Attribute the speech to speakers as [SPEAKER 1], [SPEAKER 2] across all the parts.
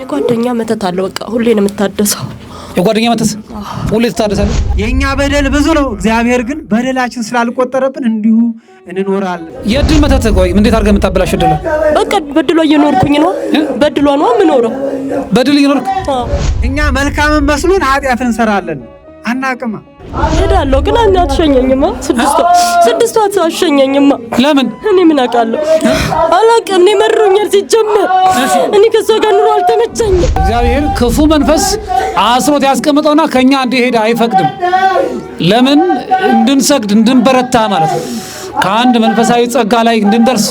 [SPEAKER 1] የጓደኛ መተት አለው። በቃ ሁሌ ነው የምታደሰው።
[SPEAKER 2] የጓደኛ መተት ሁሌ ትታደሳለ።
[SPEAKER 3] የእኛ በደል ብዙ ነው። እግዚአብሔር ግን በደላችን ስላልቆጠረብን እንዲሁ እንኖራለን።
[SPEAKER 2] የእድል መተት ቆይ እንዴት አድርገህ የምታበላሽ እድል?
[SPEAKER 1] በቃ በድሏ እየኖርኩኝ ነው። በድሏ ነው የምኖረው።
[SPEAKER 2] በድል እየኖርክ
[SPEAKER 3] እኛ መልካምን መስሎን ኃጢአት እንሰራለን። አናቅማ
[SPEAKER 1] ሄዳለሁ ግን እኔ አትሸኘኝማ። ስድስቷ ስድስቷ አትሸኘኝማ። ለምን? እኔ ምን አውቃለሁ? አላውቅም። እኔ መርሮኛል ሲጀመር። እኔ ከሷ ጋር ኑሮ አልተመቸኝም።
[SPEAKER 2] እግዚአብሔር ክፉ መንፈስ አስሮት ያስቀምጠውና ከኛ እንዲሄድ አይፈቅድም። ለምን? እንድንሰግድ እንድንበረታ ማለት ነው። ከአንድ መንፈሳዊ ጸጋ ላይ እንድንደርስ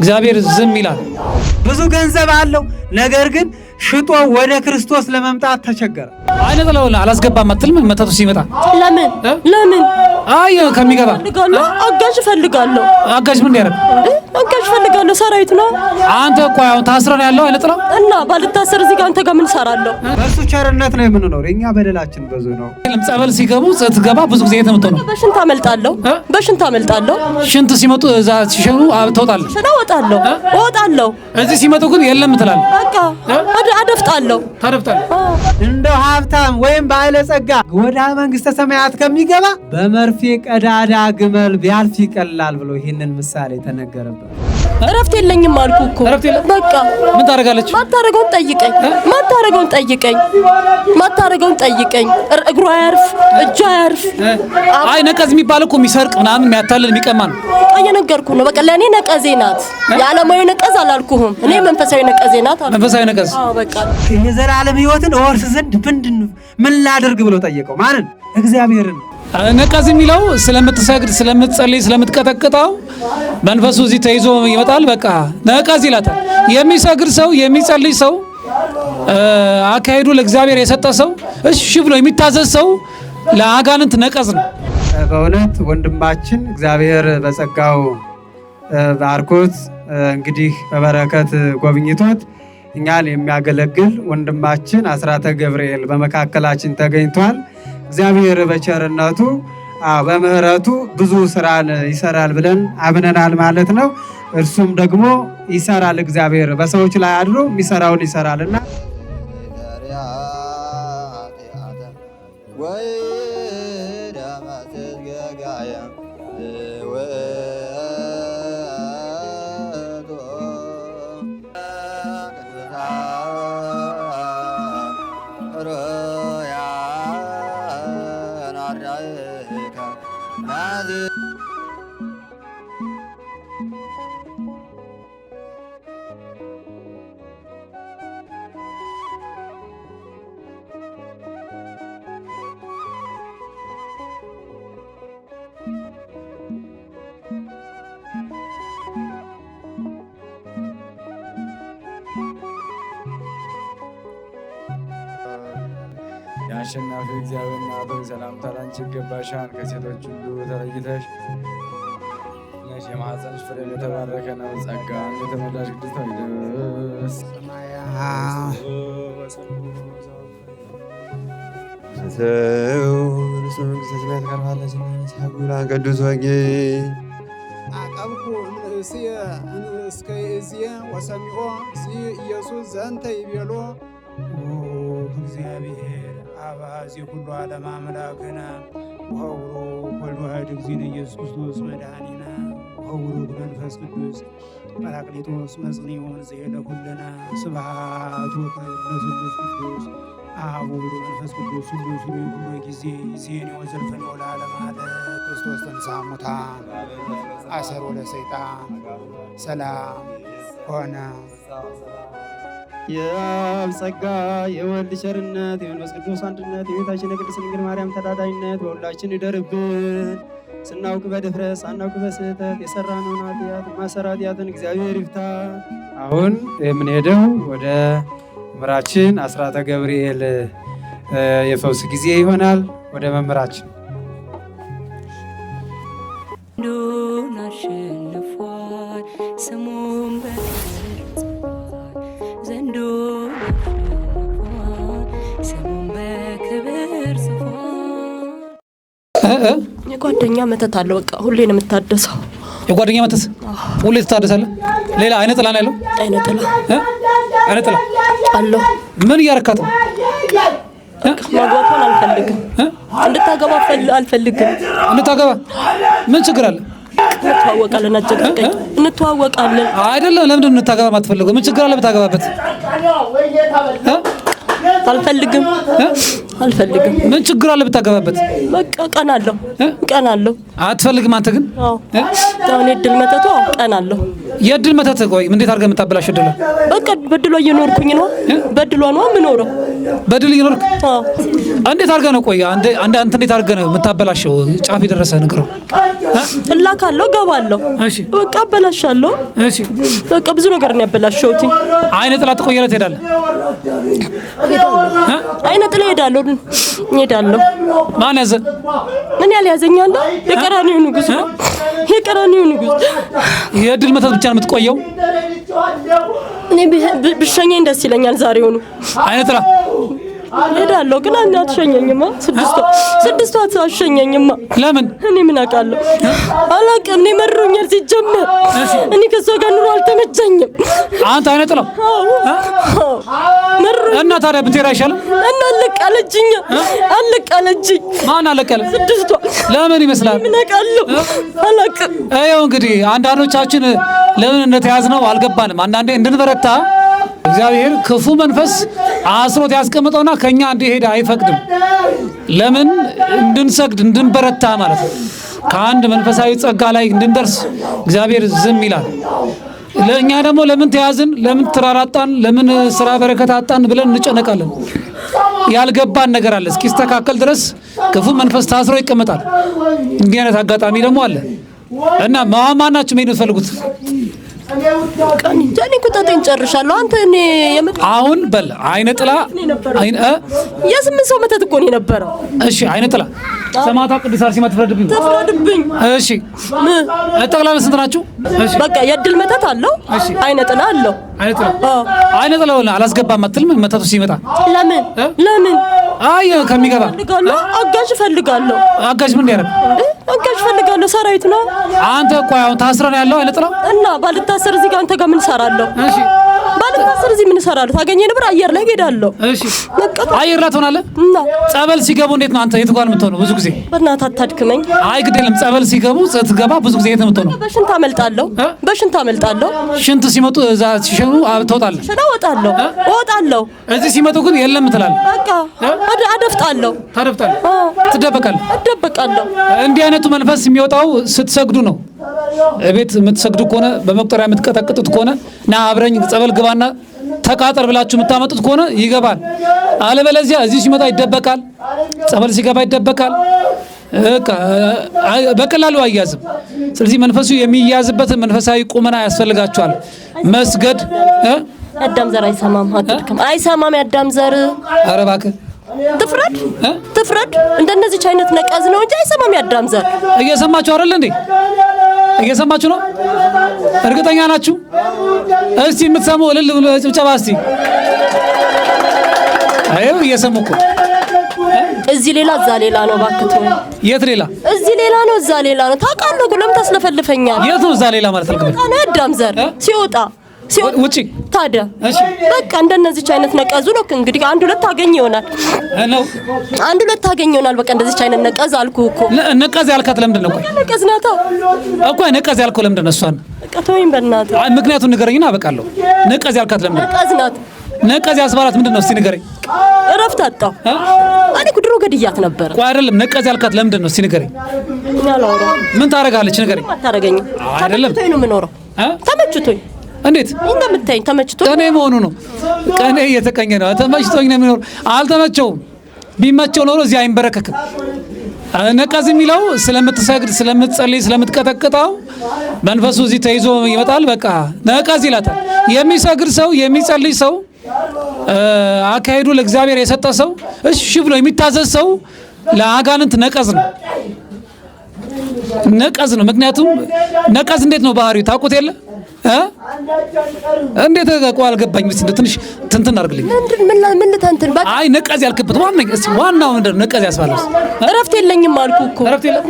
[SPEAKER 2] እግዚአብሔር ዝም ይላል።
[SPEAKER 3] ብዙ ገንዘብ አለው ነገር ግን ሽጦ ወደ ክርስቶስ ለመምጣት ተቸገረ።
[SPEAKER 2] አይነ ጥላው አላስገባም አትልም? መተቱ ሲመጣ
[SPEAKER 1] ለምን ለምን?
[SPEAKER 2] አዩ ከሚገባ
[SPEAKER 1] አጋዥ ፈልጋለሁ። አጋዥ ምን ያረግ? አጋዥ ፈልጋለሁ። ሰራዊት ነው።
[SPEAKER 2] አንተ እኮ አሁን ታስረን ያለው አይነ ጥላው
[SPEAKER 1] እና ባልታሰር እዚህ ጋር አንተ ጋር ምን ሰራለሁ?
[SPEAKER 3] በሱ ቸርነት ነው የምንኖር። የኛ በደላችን ብዙ ነው።
[SPEAKER 2] ጸበል ሲገቡ ስትገባ ብዙ ጊዜ የት ነው።
[SPEAKER 1] በሽንት አመልጣለሁ። በሽንት አመልጣለሁ።
[SPEAKER 2] ሽንት ሲመጡ እዛ ሲሸኑ ተውጣለሁ።
[SPEAKER 1] ሽና ወጣለሁ፣ ወጣለሁ።
[SPEAKER 2] እዚህ ሲመጡ ግን የለም ትላለህ።
[SPEAKER 1] በቃ አደፍጣለሁ።
[SPEAKER 3] እንደ ሀብታም ወይም ባለጸጋ ወደ መንግስተ ሰማያት ከሚገባ በመርፌ ቀዳዳ ግመል ቢያልፍ ይቀላል ብሎ ይህንን ምሳሌ ተነገረበት።
[SPEAKER 1] እረፍት የለኝም አልኩ እኮ በቃ ምን ታደርጋለች? ማታረገውን ጠይቀኝ፣ ማታረገውን ጠይቀኝ፣ ማታረገውን ጠይቀኝ። እግሩ አያርፍ፣ እጁ አያርፍ።
[SPEAKER 2] አይ ነቀዝ የሚባል እኮ የሚሰርቅ ምናምን የሚያታልል የሚቀማ ነው።
[SPEAKER 1] እየነገርኩ ነው። በቃ ለእኔ ነቀዜ ናት። የዓለማዊ ነቀዝ አላልኩህም። እኔ መንፈሳዊ ነቀዜ ናት። መንፈሳዊ ነቀዝ በቃ
[SPEAKER 3] የዘላለም ህይወትን እወርስ ዘንድ ምንድን ምን ላድርግ ብሎ ጠየቀው ማንን? እግዚአብሔርን
[SPEAKER 2] ነቀዝ የሚለው ስለምትሰግድ ስለምትጸልይ ስለምትቀጠቅጠው መንፈሱ እዚህ ተይዞ ይመጣል። በቃ ነቀዝ ይላታል። የሚሰግድ ሰው የሚጸልይ ሰው አካሄዱ ለእግዚአብሔር የሰጠ ሰው እሺ ብሎ የሚታዘዝ ሰው ለአጋንንት ነቀዝ ነው።
[SPEAKER 3] በእውነት ወንድማችን እግዚአብሔር በጸጋው ባርኮት እንግዲህ በበረከት ጎብኝቶት እኛን የሚያገለግል ወንድማችን አስራተ ገብርኤል በመካከላችን ተገኝቷል። እግዚአብሔር በቸርነቱ በምሕረቱ ብዙ ስራን ይሰራል ብለን አምነናል ማለት ነው። እርሱም ደግሞ ይሰራል። እግዚአብሔር በሰዎች ላይ አድሮ የሚሰራውን ይሰራልና የአሸናፊ እግዚአብሔር እናት ሰላምታ ላንቺ ይገባሻል። ከሴቶች ሁሉ ተለይተሽ ነሽ፣ የማኅፀንሽ ፍሬ የተባረከ ነው። ጸጋ የተመላሽ ቅድስት ሆይ ደስ
[SPEAKER 1] ኢየሱስ ዘንተ ይቤሎ እግዚአብሔር አባዚ ሁሉ ዓለም አምላክነ ወውሩ ወልድ ዋህድ እግዚእነ ኢየሱስ ክርስቶስ መድኃኒነ ወውሩ መንፈስ ቅዱስ ጰራቅሊጦስ መጽንዮን ዘሄደ ኩለነ ስብሐት ወክብር ለስሉስ ቅዱስ አብ መንፈስ ቅዱስ ሁሉ ስሉ ሁሉ ጊዜ ዜን ወዘልፈን ለዓለም አለ ክርስቶስ ተንሥአ እሙታን አሰሮ ለሰይጣን ሰላም ሆነ የአብ ጸጋ የወልድ ቸርነት የመንፈስ ቅዱስ አንድነት የቤታችን የቅድስት ድንግል ማርያም ተዳዳኝነት በሁላችን ይደርብን። ስናውቅ በድፍረት ሳናውቅ በስህተት የሰራነውን ኃጢአት ማሰራ ኃጢአትን እግዚአብሔር ይፍታ። አሁን የምንሄደው ወደ መምህራችን አስራተ ገብርኤል የፈውስ ጊዜ ይሆናል። ወደ መምህራችን መተት አለው። በቃ ሁሌ ነው የምታደሰው።
[SPEAKER 2] የጓደኛ መተት ሁሌ ትታደሳለህ። ሌላ አይነ ጥላ ነው ያለው። አይነ ጥላ አይነ ጥላ አለው። ምን እያረካት ነው?
[SPEAKER 1] ማግባቷን አልፈልግም። እንድታገባ አልፈልግም።
[SPEAKER 2] እንድታገባ ምን ችግር አለ?
[SPEAKER 1] እንተዋወቃለን። አጨቃቀኝ እንተዋወቃለን።
[SPEAKER 2] አይደለም ለምንድን ነው እንድታገባ ማትፈልገው? ምን ችግር አለ ብታገባበት?
[SPEAKER 1] አልፈልግም አልፈልግም።
[SPEAKER 2] ምን ችግር አለ ብታገባበት?
[SPEAKER 1] በቃ ቀናለሁ፣ ቀናለሁ።
[SPEAKER 2] አትፈልግም አንተ ግን? አዎ
[SPEAKER 1] እድል መጠቱ ቀን አለው።
[SPEAKER 2] የድል መተት ቆይ፣ እንዴት አድርገህ የምታበላሽ እድል?
[SPEAKER 1] በቃ በድሏ እየኖርኩኝ ነው። በድሏ ነው የምኖረው።
[SPEAKER 2] በድል እየኖርክ እንዴት አድርገህ ነው? ቆይ አንተ እንዴት አድርገህ ነው የምታበላሸው? ጫፍ የደረሰ ነገር
[SPEAKER 1] እላካለሁ፣ እገባለሁ፣ በቃ አበላሻለሁ። በቃ ብዙ ነገር ነው ያበላሸሁት።
[SPEAKER 2] አይነ ጥላት ቆየለ ትሄዳለህ።
[SPEAKER 1] አይነ ጥላ ሄዳለሁ፣ ሄዳለሁ። ማን ያዘ? ምን ያልያዘኛለሁ? የቀራኒው ንጉሥ ነው፣ የቀራኒው ንጉስ
[SPEAKER 2] የድል መተት ብቻ ነው የምትቆየው?
[SPEAKER 1] እኔ ብሸኘኝ ደስ ይለኛል። ዛሬውኑ አይነት ሄዳለሁ ግን አንድ አትሸኘኝማ። ስድስቷ ስድስቷ አትሸኘኝማ። ለምን እኔ ምን አውቃለሁ? አላውቅም። እኔ መሮኛል ሲጀመር። እኔ ከሷ ጋር ኑሮ አልተመቸኝም።
[SPEAKER 2] አንተ አይነት ነው እና ታዲያ ብትሄድ አይሻልም?
[SPEAKER 1] እና አለቃለችኝ፣ አለቃለችኝ።
[SPEAKER 2] ማን አለቀለ? ስድስቷ። ለምን ይመስላል?
[SPEAKER 1] ምን አውቃለሁ? አላውቅም።
[SPEAKER 2] ይኸው እንግዲህ አንዳንዶቻችን ለምን እንደተያዝነው አልገባንም። አንዳንዴ እንድንበረታ እግዚአብሔር ክፉ መንፈስ አስሮት ያስቀምጠውና ከኛ እንዲሄድ አይፈቅድም። ለምን እንድንሰግድ እንድንበረታ ማለት ነው። ከአንድ መንፈሳዊ ጸጋ ላይ እንድንደርስ እግዚአብሔር ዝም ይላል። ለእኛ ደግሞ ለምን ተያዝን፣ ለምን ትራራጣን፣ ለምን ስራ በረከት አጣን ብለን እንጨነቃለን። ያልገባን ነገር አለ። እስኪስተካከል ድረስ ክፉ መንፈስ ታስሮ ይቀመጣል። እንዲህ አይነት አጋጣሚ ደግሞ አለ እና ማማናችሁ መሄድ የምትፈልጉት
[SPEAKER 1] እኔ ቁጣቴን ጨርሻለሁ። አንተ እኔ
[SPEAKER 2] አሁን በል አይነ ጥላ
[SPEAKER 1] የስምንት ሰው መተት እኮ ነው የነበረው።
[SPEAKER 2] እሺ አይነ ጥላ ሰማታ ቅድስት አርሴማ ትፍረድብኝ፣
[SPEAKER 1] ትፍረድብኝ።
[SPEAKER 2] እሺ ጠቅላላ ስንት ናችሁ?
[SPEAKER 1] በቃ የድል መተት አለው፣ እሺ አይነ ጥላ አለው።
[SPEAKER 2] አይነ ጥላ አይነ ጥላ አላስገባም አትልም መተቱ ሲመጣ
[SPEAKER 1] ለምን ለምን
[SPEAKER 2] አይ ከሚገባ
[SPEAKER 1] አጋዥ እፈልጋለሁ። አጋዥ ምን ያረብ አጋዥ እፈልጋለሁ። ሰራዊት ነው።
[SPEAKER 2] አንተ እኮ አሁን ታስረን ያለው አይለጥለው
[SPEAKER 1] እና ባልታሰር እዚህ ጋር አንተ ጋር ምን ሰራለሁ? እሺ አስር እዚህ ምን እሰራለሁ? አየር ላይ እሄዳለሁ። እሺ
[SPEAKER 2] አየር ላይ ትሆናለህ። ጸበል ሲገቡ እንዴት ነው አንተ የት ጋር የምትሆነው? ብዙ ጊዜ
[SPEAKER 1] በእናትህ አታድክመኝ።
[SPEAKER 2] አይ ግድ የለም ጸበል ሲገቡ ስትገባ ብዙ ጊዜ የት ነው የምትሆነው?
[SPEAKER 1] በሽንት አመልጣለሁ፣ በሽንት አመልጣለሁ።
[SPEAKER 2] ሽንት ሲመጡ እዛ ሲሸኑ ትወጣለህ?
[SPEAKER 1] ሽና እወጣለሁ፣ እወጣለሁ።
[SPEAKER 2] እዚህ ሲመጡ ግን የለም ትላለህ።
[SPEAKER 1] በቃ አደፍጣለሁ፣
[SPEAKER 2] ታደፍጣለህ፣ ትደበቃለህ፣
[SPEAKER 1] እደበቃለሁ።
[SPEAKER 2] እንዲህ አይነቱ መንፈስ የሚወጣው ስትሰግዱ ነው። ቤት የምትሰግዱ ከሆነ በመቁጠሪያ የምትቀጠቅጡት ከሆነ ና አብረኝ ጸበል ግባና ተቃጠር ብላችሁ የምታመጡት ከሆነ ይገባል። አለበለዚያ እዚህ ሲመጣ ይደበቃል፣ ጸበል ሲገባ ይደበቃል። በቀላሉ አያዝም። ስለዚህ መንፈሱ የሚያዝበት መንፈሳዊ ቁመና ያስፈልጋቸዋል። መስገድ
[SPEAKER 1] ያዳም ዘር አይሰማም፣ አትልክም፣ አይሰማም። ያዳም ዘር ኧረ እባክህ ትፍረድ ትፍረድ። እንደነዚች አይነት ነቀዝ ነው እንጂ አይሰማም። ያዳም ዘር
[SPEAKER 2] እየሰማችሁ አይደል እንዴ? እየሰማችሁ ነው? እርግጠኛ ናችሁ? እስቲ የምትሰሙ እልል ብሎ ጭብጨባ እስቲ። አይው እየሰሙ እኮ
[SPEAKER 1] እዚህ ሌላ እዛ ሌላ ነው። ባክቶ የት ሌላ? እዚህ ሌላ ነው፣ እዛ ሌላ ነው። ታውቃለህ እኮ ለምን ታስለፈልፈኛለህ?
[SPEAKER 2] የት ነው እዛ ሌላ ማለት ነው?
[SPEAKER 1] አዳም ዘር ሲወጣ ሲሆን ውጪ ታዲያ በቃ እንደነዚች አይነት ነቀዙ ነው እንግዲህ አንድ ሁለት ታገኝ ይሆናል ነው አንድ ሁለት ታገኝ ይሆናል። በቃ እንደዚች አይነት ነቀዝ አልኩ እኮ
[SPEAKER 2] ነቀዝ ያልካት ለምንድን ነው?
[SPEAKER 1] ቆይ ነቀዝ ናታ
[SPEAKER 2] እኮ ነቀዝ ያልከው ለምንድን ነው? እሷን
[SPEAKER 1] ቀቶይም በእናትህ
[SPEAKER 2] አይ ምክንያቱን ንገረኝና አበቃለሁ። ነቀዝ ያልካት ለምንድን ነው? ነቀዝ ናት። ነቀዝ ያስባላት ምንድን ነው? እስቲ ንገረኝ።
[SPEAKER 1] እረፍት አጣሁ። እኔ ድሮ ገድያት ነበረ።
[SPEAKER 2] ቆይ አይደለም፣ ነቀዝ ያልካት ለምንድን ነው? እስቲ ንገረኝ። ምን ታረጋለች? ንገረኝ።
[SPEAKER 1] አታረገኝም። አይደለም ተመችቶኝ ነው የምኖረው። ተመችቶኝ እንዴት እንደምታይኝ ተመችቶ
[SPEAKER 2] ቀኔ መሆኑ ነው። ቀኔ እየተቀኘ ነው። ተመችቶኝ ነው የሚኖር። አልተመቸውም። ቢመቸው ኖሮ እዚህ አይንበረከክም። ነቀዝ የሚለው ስለምትሰግድ፣ ስለምትጸልይ፣ ስለምትቀጠቅጠው መንፈሱ እዚህ ተይዞ ይመጣል። በቃ ነቀዝ ይላታል። የሚሰግድ ሰው የሚጸልይ ሰው አካሄዱ ለእግዚአብሔር የሰጠ ሰው እሺ ብሎ የሚታዘዝ ሰው ለአጋንንት ነቀዝ ነው ነቀዝ ነው። ምክንያቱም ነቀዝ እንዴት ነው ባህሪው ታውቁት የለም እንዴት እኮ አልገባኝም። እስኪ ትንሽ ትንትን አድርግልኝ።
[SPEAKER 1] ምን ምን ተንትን ልተንትን?
[SPEAKER 2] አይ ነቀዝ ያልክበት ዋናኝ እስኪ ዋናው ምንድን ነው? ነቀዝ ያስባለስ?
[SPEAKER 1] እረፍት የለኝም አልኩህ እኮ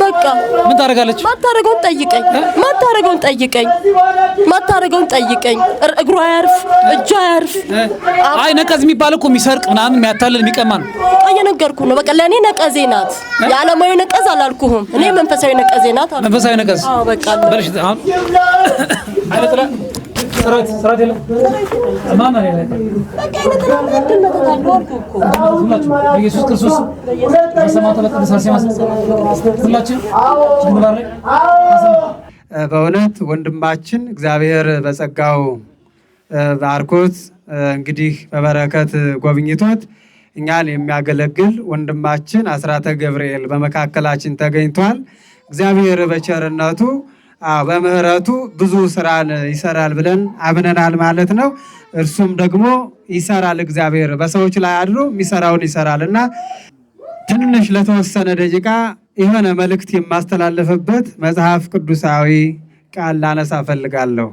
[SPEAKER 2] በቃ ምን ታደርጋለች?
[SPEAKER 1] ማታደርገውን ጠይቀኝ፣ ማታደርገውን ጠይቀኝ፣ ማታደርገውን ጠይቀኝ። እግሩ አያርፍ፣ እጁ አያርፍ።
[SPEAKER 2] አይ ነቀዝ የሚባል እኮ የሚሰርቅ ምናምን የሚያታልል የሚቀማ ነው።
[SPEAKER 1] እየነገርኩህ ነው። በቃ ለእኔ ነቀዜ ናት። የዓለማዊ ነቀዝ አላልኩህም። እኔ መንፈሳዊ ነቀዜ ናት።
[SPEAKER 2] መንፈሳዊ ነቀዝ አዎ በቃ በልሽ አሁን በኢየሱስ ክርስቶስ በሰማዕቱ ሁላችን
[SPEAKER 3] በእውነት ወንድማችን እግዚአብሔር በጸጋው ባርኮት እንግዲህ በበረከት ጎብኝቶት እኛን የሚያገለግል ወንድማችን አስራተ ገብርኤል በመካከላችን ተገኝቷል። እግዚአብሔር በቸርነቱ በምህረቱ ብዙ ስራን ይሰራል ብለን አምነናል ማለት ነው። እርሱም ደግሞ ይሰራል። እግዚአብሔር በሰዎች ላይ አድሮ የሚሰራውን ይሰራል እና ትንሽ ለተወሰነ ደቂቃ የሆነ መልእክት የማስተላለፍበት መጽሐፍ ቅዱሳዊ ቃል ላነሳ ፈልጋለሁ።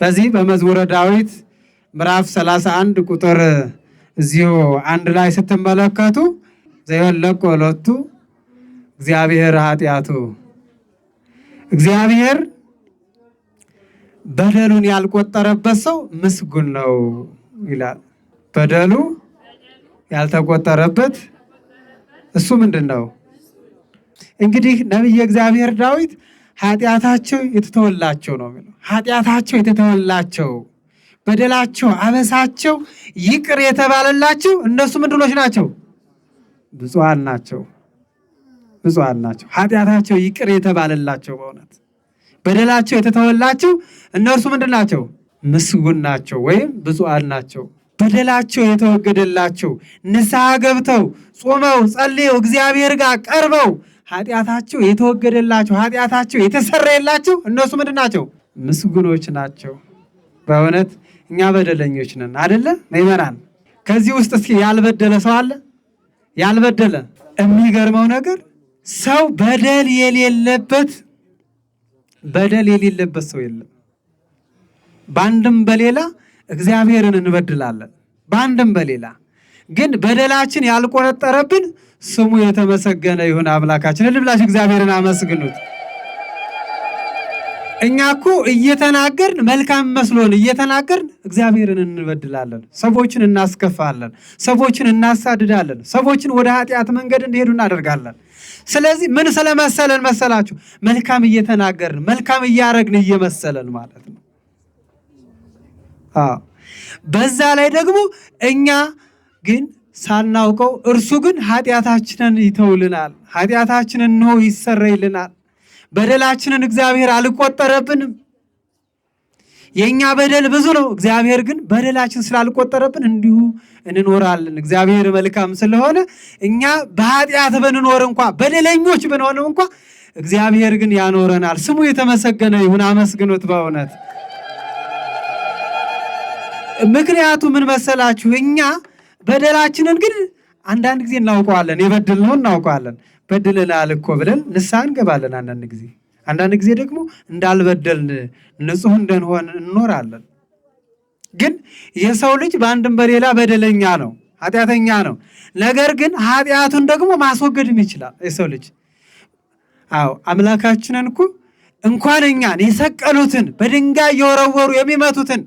[SPEAKER 3] በዚህ በመዝሙረ ዳዊት ምዕራፍ 31 ቁጥር እዚሁ አንድ ላይ ስትመለከቱ ዘይወለቆ ሎቱ እግዚአብሔር ኃጢአቱ እግዚአብሔር በደሉን ያልቆጠረበት ሰው ምስጉን ነው ይላል። በደሉ ያልተቆጠረበት እሱ ምንድን ነው? እንግዲህ ነቢየ እግዚአብሔር ዳዊት ኃጢአታቸው የተተወላቸው ነው የሚለው። ኃጢአታቸው የተተወላቸው በደላቸው፣ አበሳቸው ይቅር የተባለላቸው እነሱ ምንድኖች ናቸው? ብፁዓን ናቸው። ብፁዓን ናቸው፣ ኃጢአታቸው ይቅር የተባለላቸው በእውነት በደላቸው የተተወላቸው እነርሱ ምንድን ናቸው? ምስጉን ናቸው ወይም ብፁዓን ናቸው። በደላቸው የተወገደላቸው ንስሐ ገብተው ጾመው ጸልየው እግዚአብሔር ጋር ቀርበው ኃጢአታቸው የተወገደላቸው ኃጢአታቸው የተሰረየላቸው እነሱ ምንድን ናቸው? ምስጉኖች ናቸው። በእውነት እኛ በደለኞች ነን አደለ ምዕመናን? ከዚህ ውስጥ እስኪ ያልበደለ ሰው አለ? ያልበደለ የሚገርመው ነገር ሰው በደል የሌለበት በደል የሌለበት ሰው የለም። በአንድም በሌላ እግዚአብሔርን እንበድላለን። በአንድም በሌላ ግን በደላችን ያልቆረጠረብን ስሙ የተመሰገነ ይሁን አምላካችን። ልብላሽ እግዚአብሔርን አመስግኑት። እኛ እኮ እየተናገርን መልካም መስሎን እየተናገርን እግዚአብሔርን እንበድላለን፣ ሰዎችን እናስከፋለን፣ ሰዎችን እናሳድዳለን፣ ሰዎችን ወደ ኃጢአት መንገድ እንዲሄዱ እናደርጋለን። ስለዚህ ምን ስለመሰለን መሰላችሁ? መልካም እየተናገርን መልካም እያረግን እየመሰለን ማለት ነው። በዛ ላይ ደግሞ እኛ ግን ሳናውቀው እርሱ ግን ኃጢአታችንን ይተውልናል፣ ኃጢአታችንን እንሆ ይሰረይልናል፣ በደላችንን እግዚአብሔር አልቆጠረብንም። የእኛ በደል ብዙ ነው። እግዚአብሔር ግን በደላችን ስላልቆጠረብን እንዲሁ እንኖራለን። እግዚአብሔር መልካም ስለሆነ እኛ በኃጢአት ብንኖር እንኳ በደለኞች ብንሆንም እንኳ እግዚአብሔር ግን ያኖረናል። ስሙ የተመሰገነ ይሁን። አመስግኖት በእውነት ምክንያቱ ምን መሰላችሁ? እኛ በደላችንን ግን አንዳንድ ጊዜ እናውቀዋለን። ነው እናውቀዋለን። በድለናል እኮ ብለን ንስሐ እንገባለን አንዳንድ ጊዜ አንዳንድ ጊዜ ደግሞ እንዳልበደልን ንጹህ እንደንሆን እንኖራለን። ግን የሰው ልጅ በአንድም በሌላ በደለኛ ነው፣ ኃጢአተኛ ነው። ነገር ግን ኃጢአቱን ደግሞ ማስወገድም ይችላል የሰው ልጅ። አዎ አምላካችንን እኮ እንኳን እኛን የሰቀሉትን በድንጋይ እየወረወሩ የሚመቱትን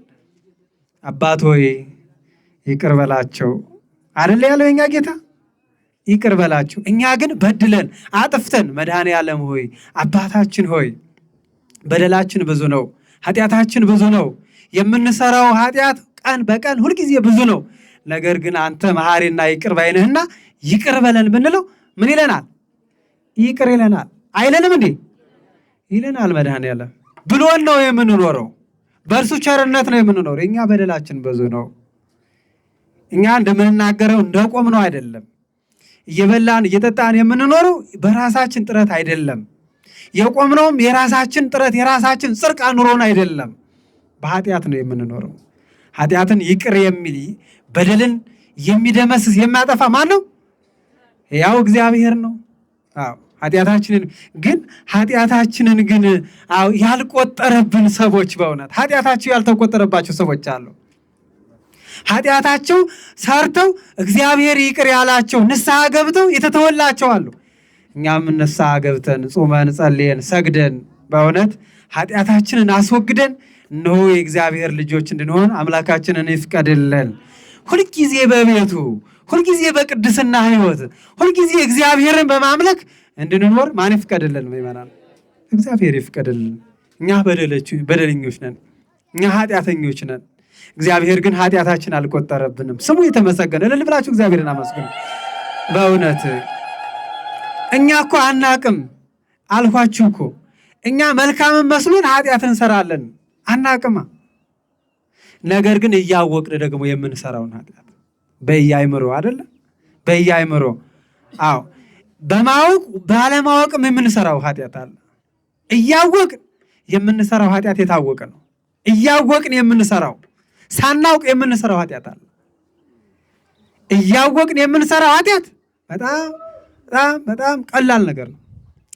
[SPEAKER 3] አባት ሆይ ይቅር በላቸው ያለው የኛ ጌታ። ይቅር በላችሁ እኛ ግን በድለን አጥፍተን፣ መድኃኔ ያለም ሆይ አባታችን ሆይ በደላችን ብዙ ነው፣ ኃጢአታችን ብዙ ነው። የምንሰራው ኃጢአት ቀን በቀን ሁልጊዜ ብዙ ነው። ነገር ግን አንተ መሐሪና ይቅር ባይነህና ይቅር በለን ብንለው ምን ይለናል? ይቅር ይለናል። አይለንም እንዴ? ይለናል። መድኃኔ ዓለም ብሎን ነው የምንኖረው። በእርሱ ቸርነት ነው የምንኖረው። እኛ በደላችን ብዙ ነው። እኛ እንደምንናገረው እንደቆም ነው አይደለም እየበላን እየጠጣን የምንኖረው በራሳችን ጥረት አይደለም። የቆምነውም የራሳችን ጥረት የራሳችን ጽድቅ አኑሮን አይደለም። በኃጢአት ነው የምንኖረው። ኃጢአትን ይቅር የሚል በደልን የሚደመስስ የሚያጠፋ ማን ነው? ያው እግዚአብሔር ነው። ኃጢአታችንን ግን ኃጢአታችንን ግን ያልቆጠረብን ሰዎች በእውነት ኃጢአታቸው ያልተቆጠረባቸው ሰዎች አሉ። ኃጢአታቸው ሰርተው እግዚአብሔር ይቅር ያላቸው ንስሐ ገብተው የተተወላቸው አሉ። እኛም ንስሐ ገብተን ጾመን፣ ጸልየን፣ ሰግደን በእውነት ኃጢአታችንን አስወግደን እነሆ የእግዚአብሔር ልጆች እንድንሆን አምላካችንን ይፍቀድልን። ሁልጊዜ በቤቱ ሁልጊዜ በቅድስና ሕይወት ሁልጊዜ እግዚአብሔርን በማምለክ እንድንኖር ማን ይፍቀድልን? ይመናል እግዚአብሔር ይፍቀድልን። እኛ በደለኞች ነን። እኛ ኃጢአተኞች ነን። እግዚአብሔር ግን ኃጢአታችን አልቆጠረብንም። ስሙ የተመሰገነ ልል ብላችሁ እግዚአብሔርን አመስግኑ። በእውነት እኛ እኮ አናቅም አልኳችሁ እኮ እኛ መልካምን መስሎን ኃጢአት እንሰራለን። አናቅማ። ነገር ግን እያወቅን ደግሞ የምንሰራውን ኃጢአት በየአይምሮ አይደለም፣ በየአይምሮ አዎ፣ በማወቅ ባለማወቅም የምንሰራው ኃጢአት አለ። እያወቅን የምንሰራው ኃጢአት የታወቀ ነው። እያወቅን የምንሰራው ሳናውቅ የምንሰራው ኃጢአት አለ። እያወቅን የምንሰራው ኃጢአት በጣም በጣም በጣም ቀላል ነገር ነው።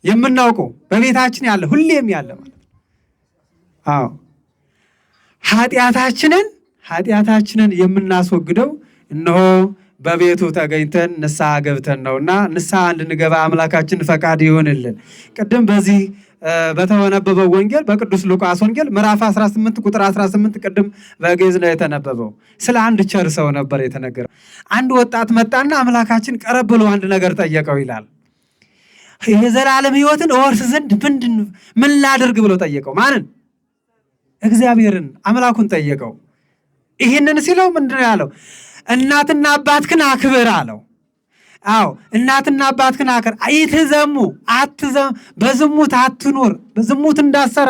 [SPEAKER 3] የምናውቀው በቤታችን ያለ ሁሌም ያለ ማለት አዎ ኃጢአታችንን ኃጢአታችንን የምናስወግደው እነሆ በቤቱ ተገኝተን ንስሐ ገብተን ነውና ንስሐ እንድንገባ አምላካችን ፈቃድ ይሆንልን። ቅድም በዚህ በተነበበው ወንጌል በቅዱስ ሉቃስ ወንጌል ምዕራፍ 18 ቁጥር 18 ቅድም በግዕዝ ነው የተነበበው። ስለ አንድ ቸር ሰው ነበር የተነገረው። አንድ ወጣት መጣና አምላካችን ቀረብ ብሎ አንድ ነገር ጠየቀው ይላል። የዘላለም ሕይወትን እወርስ ዘንድ ምንድን ምን ላድርግ ብሎ ጠየቀው። ማንን? እግዚአብሔርን አምላኩን ጠየቀው። ይህንን ሲለው ምንድን ያለው? እናትና አባትክን አክብር አለው። አዎ እናትና አባትህን አክብር። ኢትዘሙ አትዘም በዝሙት አትኑር፣ በዝሙት እንዳሰራ።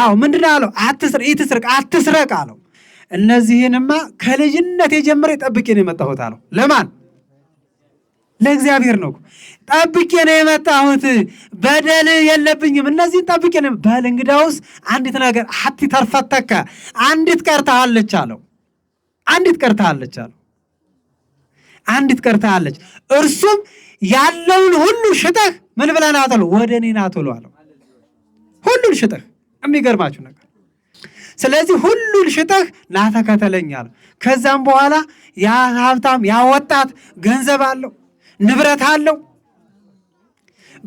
[SPEAKER 3] አዎ ምንድን አለው? አትስር፣ ኢትስርቅ አትስረቅ አለው። እነዚህንማ ከልጅነት የጀመረ ጠብቄ ነው የመጣሁት አለው። ለማን? ለእግዚአብሔር ነው። ጠብቄ ነው የመጣሁት፣ በደል የለብኝም። እነዚህን ጠብቄ ነው በል እንግዳውስ አንዲት ነገር ሀቲ ተርፈተከ አንዲት ቀርታሃለች አለው። አንዲት ቀርታሃለች አለው። አንዲት ቀርታለች። እርሱም ያለውን ሁሉ ሽጠህ ምን ብለህ ና ቶሎ ወደ እኔ ና ቶሎ አለው። ሁሉን ሽጠህ የሚገርማችሁ ነገር ስለዚህ ሁሉን ሽጠህ ና ተከተለኝ አለው። ከዛም በኋላ ያ ሀብታም ያ ወጣት ገንዘብ አለው፣ ንብረት አለው፣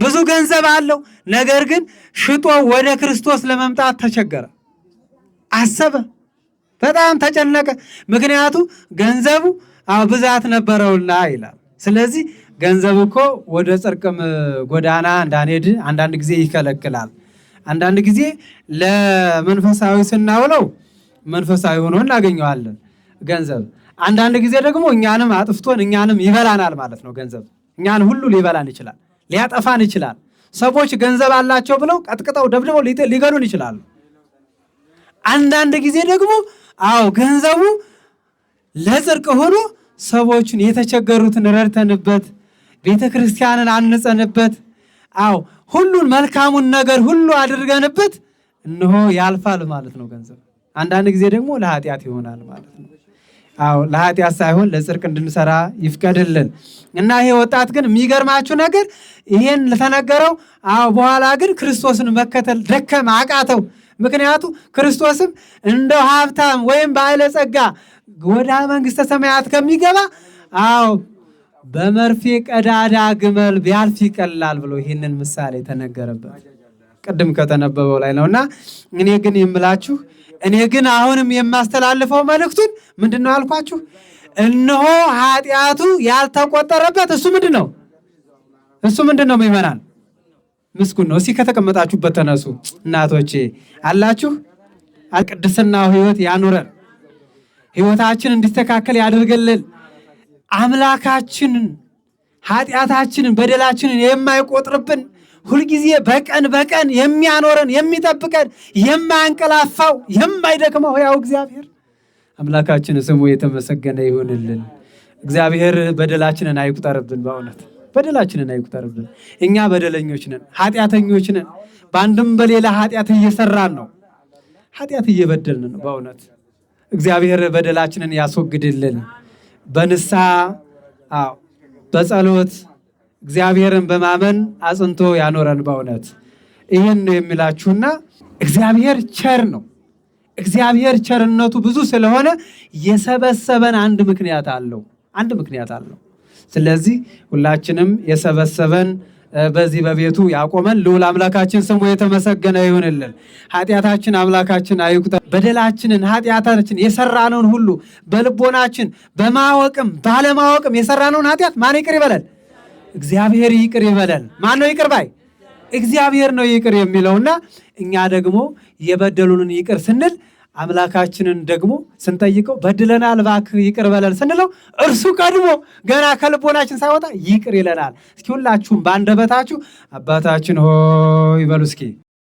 [SPEAKER 3] ብዙ ገንዘብ አለው። ነገር ግን ሽጦ ወደ ክርስቶስ ለመምጣት ተቸገረ፣ አሰበ፣ በጣም ተጨነቀ። ምክንያቱ ገንዘቡ ብዛት ነበረውና ይላል። ስለዚህ ገንዘብ እኮ ወደ ጽርቅም ጎዳና እንዳንሄድ አንዳንድ ጊዜ ይከለክላል። አንዳንድ ጊዜ ለመንፈሳዊ ስናውለው መንፈሳዊ ሆኖ እናገኘዋለን ገንዘብ። አንዳንድ ጊዜ ደግሞ እኛንም አጥፍቶን እኛንም ይበላናል ማለት ነው። ገንዘብ እኛን ሁሉ ሊበላን ይችላል፣ ሊያጠፋን ይችላል። ሰዎች ገንዘብ አላቸው ብለው ቀጥቅጠው ደብድበው ሊገሉን ይችላሉ። አንዳንድ ጊዜ ደግሞ አዎ ገንዘቡ ለጽርቅ ሆኖ ሰዎቹን የተቸገሩትን ረድተንበት ቤተ ክርስቲያንን አንጸንበት፣ አዎ ሁሉን መልካሙን ነገር ሁሉ አድርገንበት እንሆ ያልፋል ማለት ነው። ገንዘብ አንዳንድ ጊዜ ደግሞ ለኃጢአት ይሆናል ማለት ነው። አዎ ለኃጢአት ሳይሆን ለጽድቅ እንድንሰራ ይፍቀድልን እና ይሄ ወጣት ግን የሚገርማችሁ ነገር ይሄን ለተነገረው፣ አዎ በኋላ ግን ክርስቶስን መከተል ደከም አቃተው። ምክንያቱ ክርስቶስም እንደ ሀብታም ወይም ባለጸጋ ወደ መንግሥተ ሰማያት ከሚገባ አዎ በመርፌ ቀዳዳ ግመል ቢያልፍ ይቀላል ብሎ ይህንን ምሳሌ ተነገረበት። ቅድም ከተነበበው ላይ እና እኔ ግን የምላችሁ እኔ ግን አሁንም የማስተላልፈው መልእክቱን ምንድን ነው ያልኳችሁ? እነሆ ኃጢአቱ ያልተቆጠረበት እሱ ምንድን ነው? እሱ ምንድን ነው? ይመናል ምስጉን ነው። እስኪ ከተቀመጣችሁበት ተነሱ። እናቶቼ አላችሁ። ቅድስናው ህይወት ያኑረን። ሕይወታችን እንዲስተካከል ያደርገልን። አምላካችንን ኃጢአታችንን በደላችንን የማይቆጥርብን ሁልጊዜ በቀን በቀን የሚያኖረን የሚጠብቀን የማያንቀላፋው የማይደክመው ሕያው እግዚአብሔር አምላካችን ስሙ የተመሰገነ ይሁንልን። እግዚአብሔር በደላችንን አይቁጠርብን። በእውነት በደላችንን አይቁጠርብን። እኛ በደለኞች ነን፣ ኃጢአተኞች ነን። በአንድም በሌላ ኃጢአት እየሰራን ነው፣ ኃጢአት እየበደልን ነው በእውነት እግዚአብሔር በደላችንን ያስወግድልን። በንሳ በጸሎት እግዚአብሔርን በማመን አጽንቶ ያኖረን። በእውነት ይህን ነው የሚላችሁና እግዚአብሔር ቸር ነው። እግዚአብሔር ቸርነቱ ብዙ ስለሆነ የሰበሰበን አንድ ምክንያት አለው አንድ ምክንያት አለው። ስለዚህ ሁላችንም የሰበሰበን በዚህ በቤቱ ያቆመን ልዑል አምላካችን ስሙ የተመሰገነ ይሁንልን። ኃጢአታችን አምላካችን አይቁጠር። በደላችንን ኃጢአታችን የሰራነውን ሁሉ በልቦናችን በማወቅም ባለማወቅም የሰራነውን ኃጢአት ማን ይቅር ይበለል? እግዚአብሔር ይቅር ይበለል። ማን ነው ይቅር ባይ? እግዚአብሔር ነው ይቅር የሚለውና እኛ ደግሞ የበደሉንን ይቅር ስንል አምላካችንን ደግሞ ስንጠይቀው በድለናል እባክህ ይቅር በለን ስንለው እርሱ ቀድሞ ገና ከልቦናችን ሳይወጣ ይቅር ይለናል። እስኪ ሁላችሁም በአንደበታችሁ አባታችን ሆይ በሉ እስኪ